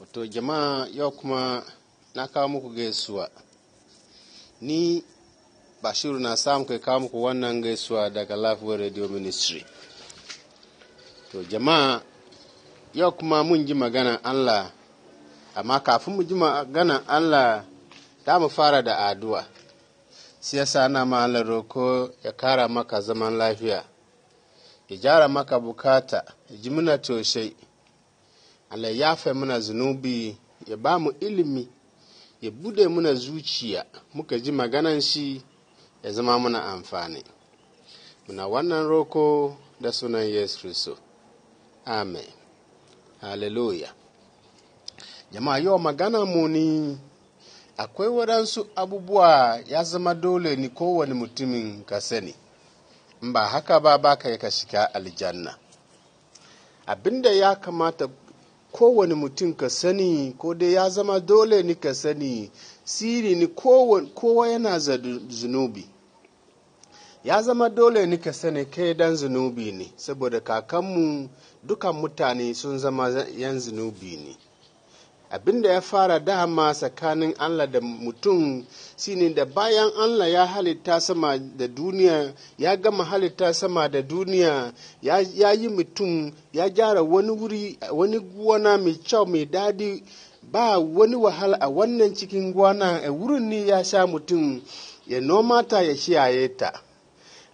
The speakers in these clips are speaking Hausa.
wato jama'a yau kuma na kawo muku gaisuwa ni bashiru na samu kai kawo muku wannan gaisuwa daga lafiyar radio ministry to jama'a yau kuma mun ji magana allah amma kafin mu ji magana allah da mu fara da addu'a sai yasa ana malar roko ya kara maka zaman lafiya ya gyara maka bukata ya ji muna toshai Allah ya muna zunubi ya ba mu ilimi ya bude muna zuciya muka ji maganan shi ya zama muna amfani muna wannan roko da sunan yesu kristo amen hallelujah jama'a yau magana mu ni akwai waɗansu abubuwa ya zama dole ni kowane mutumin ka sani in ba haka ba ba ka ka shiga aljanna abinda ya kamata kowane mutum ka sani ko dai ya zama dole ni ka sani siri ni kowa yana zunubi ya zama dole ni ka sani kai dan zunubi ne saboda kakanmu dukan mutane sun zama yan zunubi ne abin da ya fara dama tsakanin Allah da mutum shine da bayan Allah ya halitta sama da duniya ya gama halitta sama da duniya ya yi mutum ya gyara wani wuri wani gona mai kyau mai daɗi ba wani wahala a wannan cikin gwana a wurin ne ya sha mutum ya noma ta ya shiyaye ta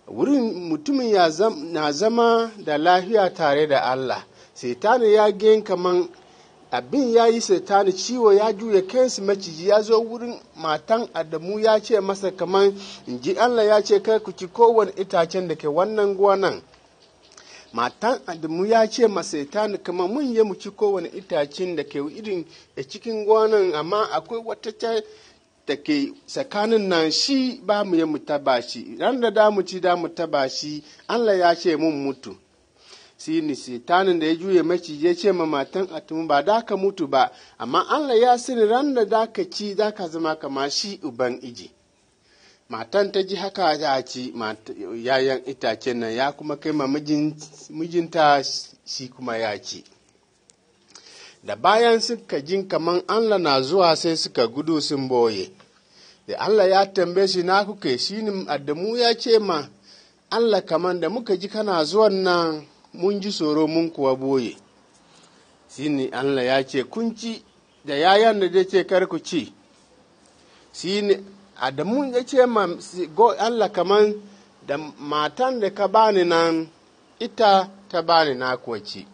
wurin mutumin na zama da lafiya tare da Allah Sitani ya gen kaman abin ya yi satani ciwo ya juya kansu maciji ya zo wurin matan adamu ya ce masa kamar in ji allah ya ce kai ku ci kowane itacen da ke wannan gonan matan adamu ya ce ma satani kamar mun yi mu ci kowane itacen da ke irin a eh, cikin gonan amma akwai wata da ke tsakanin nan shi ba mu yi mu taba shi ran da da mu ci da mu taba shi allah ya ce mun mutu sini setanin da ya juya maci ya ce ma matan atumu ba da ka mutu ba amma Allah ya sani ran da da ka ci za ka zama kama shi uban iji matan ta ji haka ya ci yayan itacen nan ya kuma kai ma mijinta shi kuma ya ci da bayan suka jin kaman Allah na zuwa sai suka gudu sun boye da Allah ya tambaye shi na kuke shi ne Adamu ya ce ma Allah kaman da muka ji kana zuwan nan mun ji tsoro mun kuwa boye ne Allah ya ce kun ci da yayan da zai ce kar ku ci ne Adamu ya ce ma Allah kaman da matan da ka bani nan ita ta bani na kuwa ci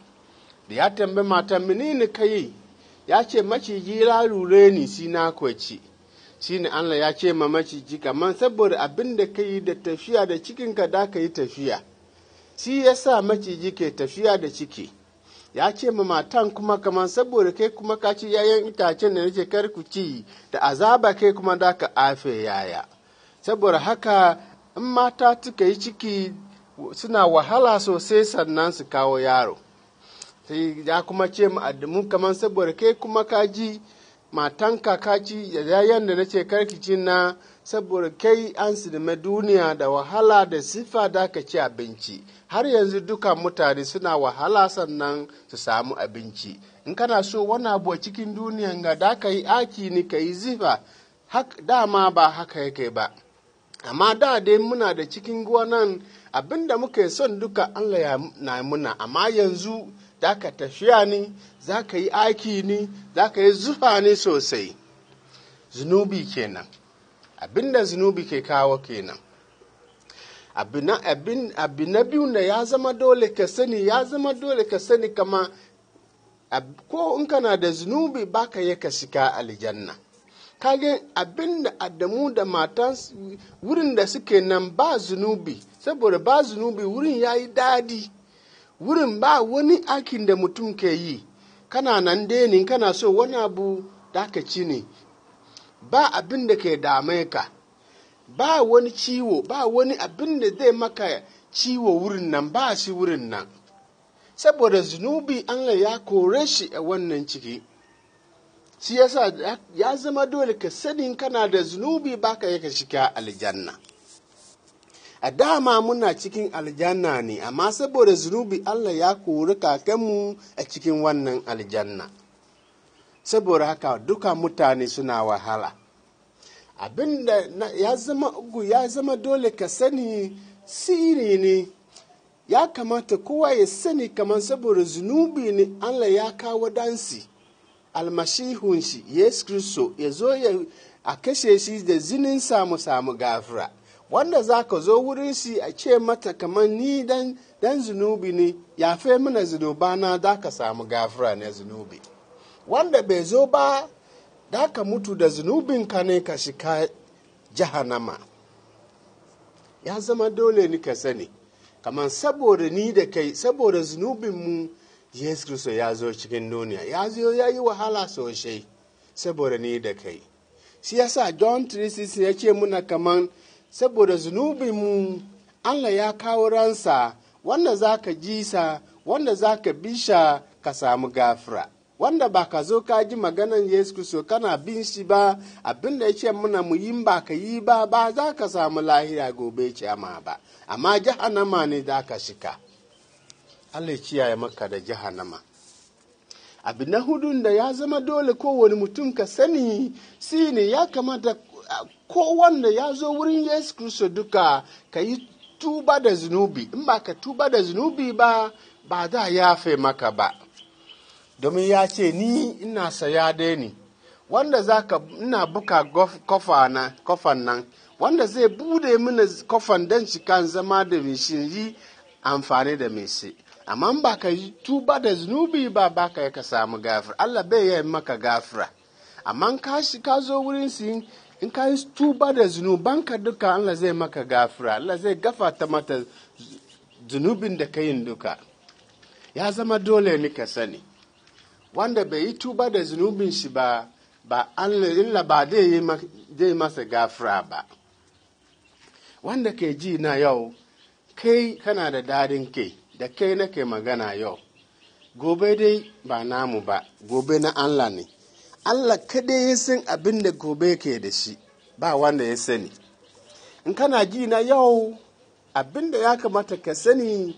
da ya tambayi matan menene ka yi ya ce maciji ya lure ni si na kuwa ci ne Allah ya ce ma maciji kaman saboda abin da ka yi da tafiya da cikinka da ka yi tafiya shi sa maciji ke tafiya da ciki ya ce ma matan kuma kamar saboda kai kuma ka ci yayan itacen da nake kar ku ci da azaba kai kuma da ka afe yaya saboda haka in mata suka yi ciki suna wahala sosai sannan su kawo yaro sai ya kuma ce ma adamu kamar saboda kai kuma ka ji matan kakaci da yayan da nace karkici na saboda kai an sinima duniya da wahala da sifa da ka ci abinci har yanzu duka mutane suna wahala sannan su samu abinci in kana so wani abu a cikin duniya ga da ka yi aki ni ka yi zifa dama ba haka yake ba amma da dai muna da cikin gonan abinda muke son duka allah ya na muna amma yanzu za ka tafiya ni za ka yi aiki ni za ka yi zufa ni sosai zunubi kenan abinda zunubi ke kawo kenan abu na biyu da ya zama dole ka sani ya zama dole ka sani kama ko in kana da zunubi ka yi ka shiga aljanna kage abin da adamu da matan wurin da suke nan ba zunubi saboda ba zunubi wurin ya yi dadi wurin ba wani aikin da mutum ke yi kana nan denin kana so wani abu da ka ci ne ba abin da ke dame ka ba wani ciwo ba wani abin da zai maka ciwo wurin nan ba shi wurin nan saboda zunubi Allah ya kore shi a wannan ciki shi yasa ya zama dole ka sanin kana da zunubi baka yaka shiga aljanna a dama muna cikin aljanna ne amma saboda zunubi Allah ya kori kakanmu a cikin wannan aljanna saboda haka duka mutane suna wahala Abinda da ya zama ugu ya zama dole ka sani siri ne ya kamata kowa ya sani kamar saboda zunubi ne Allah ya kawo dansi almashihun shi yesu kristo ya zo ya a kashe shi da zinin samu samu gafira wanda za ka zo wurin shi a ce mata kamar ni dan, zunubi ne ya fe mana zunuba da ka samu gafira na zunubi wanda bai zo ba da ka mutu da zunubin ne ka shiga jihanama ya zama dole ni ka sani kamar saboda ni da kai saboda zunubinmu yesu kristo ya zo cikin duniya ya zo ya yi wahala sosai saboda ni da kai shi yasa john 3 ya ce muna kaman saboda zunubinmu Allah ya kawo ransa wanda za ka ji wanda za ka bi sha ka samu gafira wanda ba ka zo ka ji maganan Yesu so kana bin shi ba abin da yake muna mu ba ka yi ba ba za ka samu lahira gobe kiyama ba amma jahannama ne za ka shika Allah ya kiyaye maka da jahannama abu na hudun da ya zama dole kowane mutum ka sani ne ya kamata kowanne ya zo wurin yesu kristo duka ka yi tuba da zunubi in ba ka tuba da zunubi ba ba za yafe maka ba domin ya ce ni ina saya dai ne wanda za ka ina buka kofan nan wanda zai bude mini kofan don kan zama da mishin yi amfani da mishi amma ba ka yi tuba da zunubi ba ba ka yi ka samu gafira allah bai yi maka gafira amma ka shi ka zo wurin sin in ka yi tuba da zunubanka duka Allah zai maka gafira Allah zai ta mata zunubin da ka yin duka ya zama dole ni ka sani wanda bai yi tuba da zunubin shi ba ba Allah illa ba zai masa gafira ba wanda ke ji na yau kai kana da dadin kai da kai nake magana yau gobe dai ba namu ba gobe na Allah ne Allah kaɗai ya san abin da gobe ke da shi ba wanda ya sani in kana ji na yau abin da ya kamata ka sani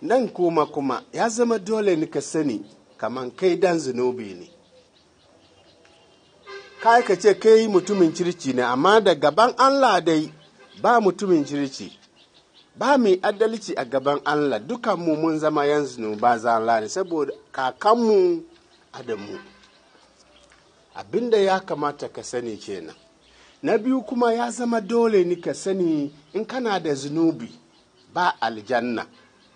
nan kuma kuma ya zama dole ni ka sani kamar kai dan zunubi ne kai ka ce kai mutumin kirki ne amma da gaban Allah dai ba mutumin kirki ba mai adalci a gaban Allah dukanmu mun zama yan zunuba zan ne saboda kakanmu Adamu. abinda ya kamata ka sani kenan na biyu kuma ya zama dole ni ka sani in kana da zunubi ba aljanna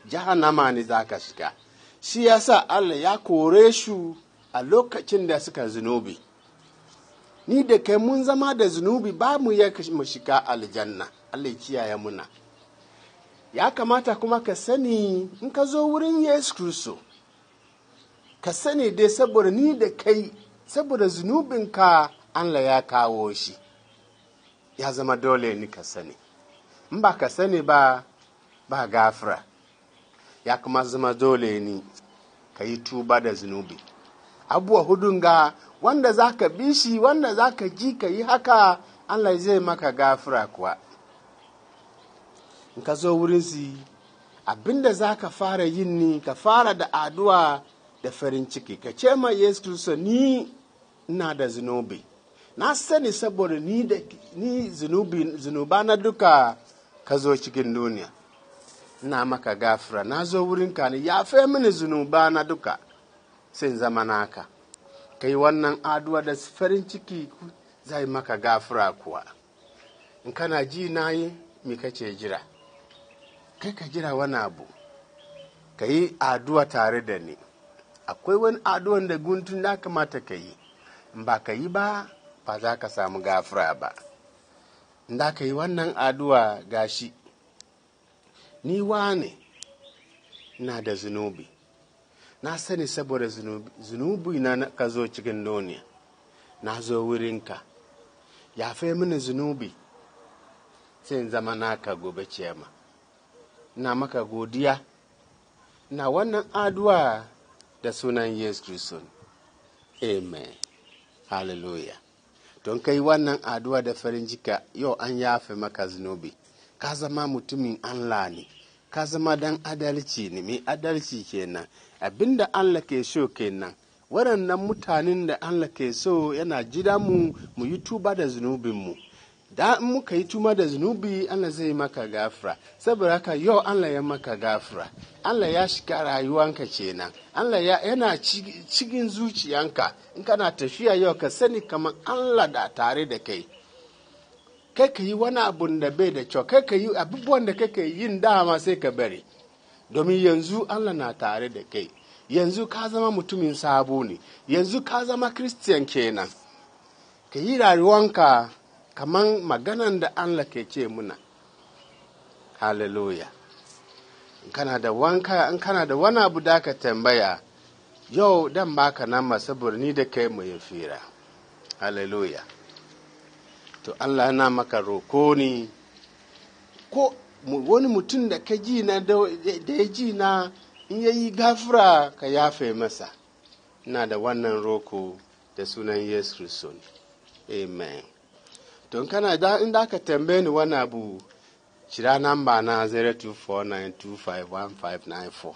jahannama ne za ka shiga shi yasa allah ya kore shu a lokacin da suka zunubi ni da kai mun zama da zunubi ba mu ya mu shiga aljanna allah kiyaye muna ya kamata kuma ka sani in ka zo wurin yesu kristo ka sani dai saboda ni da kai saboda zunubinka Allah ya kawo shi ya zama dole ni ka sani in ba ka sani ba ba gafira ya kuma zama dole ni ka yi tuba da zunubi abuwa hudun ga wanda za ka bi shi wanda za ka ji ka yi haka Allah zai maka gafira kuwa in ka zo wurin si abinda za ka fara yin ni ka fara da aduwa da farin ciki ka ce ma yesu kristo ni na da zunubi na sani saboda ni da ni zunubi zunuba na duka ka zo cikin duniya na maka gafira na zo wurin ka ne ya fe mini zunuba na duka sai zama naka kai wannan aduwa da farin ciki zai maka gafira kuwa in kana ji na yi mi kace jira kai ka jira wani abu ka yi aduwa tare da ni akwai wani addu'an da guntun da kamata ka yi ba ka yi ba ba za ka samu gafura ba in da ka yi wannan addu'a gashi ni wane na da zunubi na sani saboda zunubi zunubi na ka zo cikin duniya na zo wurinka ya fai mini zunubi sai in zama naka gobe ciyama na maka godiya na wannan aduwa. da sunan yesu kristo amen hallelujah don kai wannan addu'a da farin jika yau an yafe maka zunubi ka zama mutumin allah ne ka zama dan adalci ne mai adalci kenan abinda allah ke so kenan waɗannan mutanen da allah ke so yana jira mu mu yi tuba da zunubinmu mu da in muka yi tuma da zunubi Allah zai maka gafira saboda haka yau Allah ya maka gafira Allah ya shiga rayuwanka kenan Allah ya yana cikin zuciyanka in kana tafiya yau ka sani kamar Allah da tare da kai kai ka yi wani abun da bai da kyau kai ka yi abubuwan da kai ka yin dama sai ka bari domin yanzu Allah na tare da kai yanzu ka zama mutumin sabo ne yanzu ka zama kristiyan kenan ka yi rayuwanka kaman maganan da Allah ke ce muna hallelujah in kana da wanka in kana da wani abu da ka tambaya yau dan baka nan masu birni da kai mu yi fira hallelujah to Allah na maka roko ne ko wani mutum da ka ji na da ya ji na in ya yi gafura ka yafe masa na da wannan roko da sunan yesu kristo amen to kana da inda aka tembe ni wani abu kira namba na 0249251594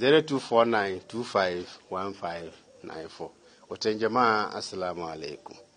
0249251594 otu watan jama'a assalamu alaikum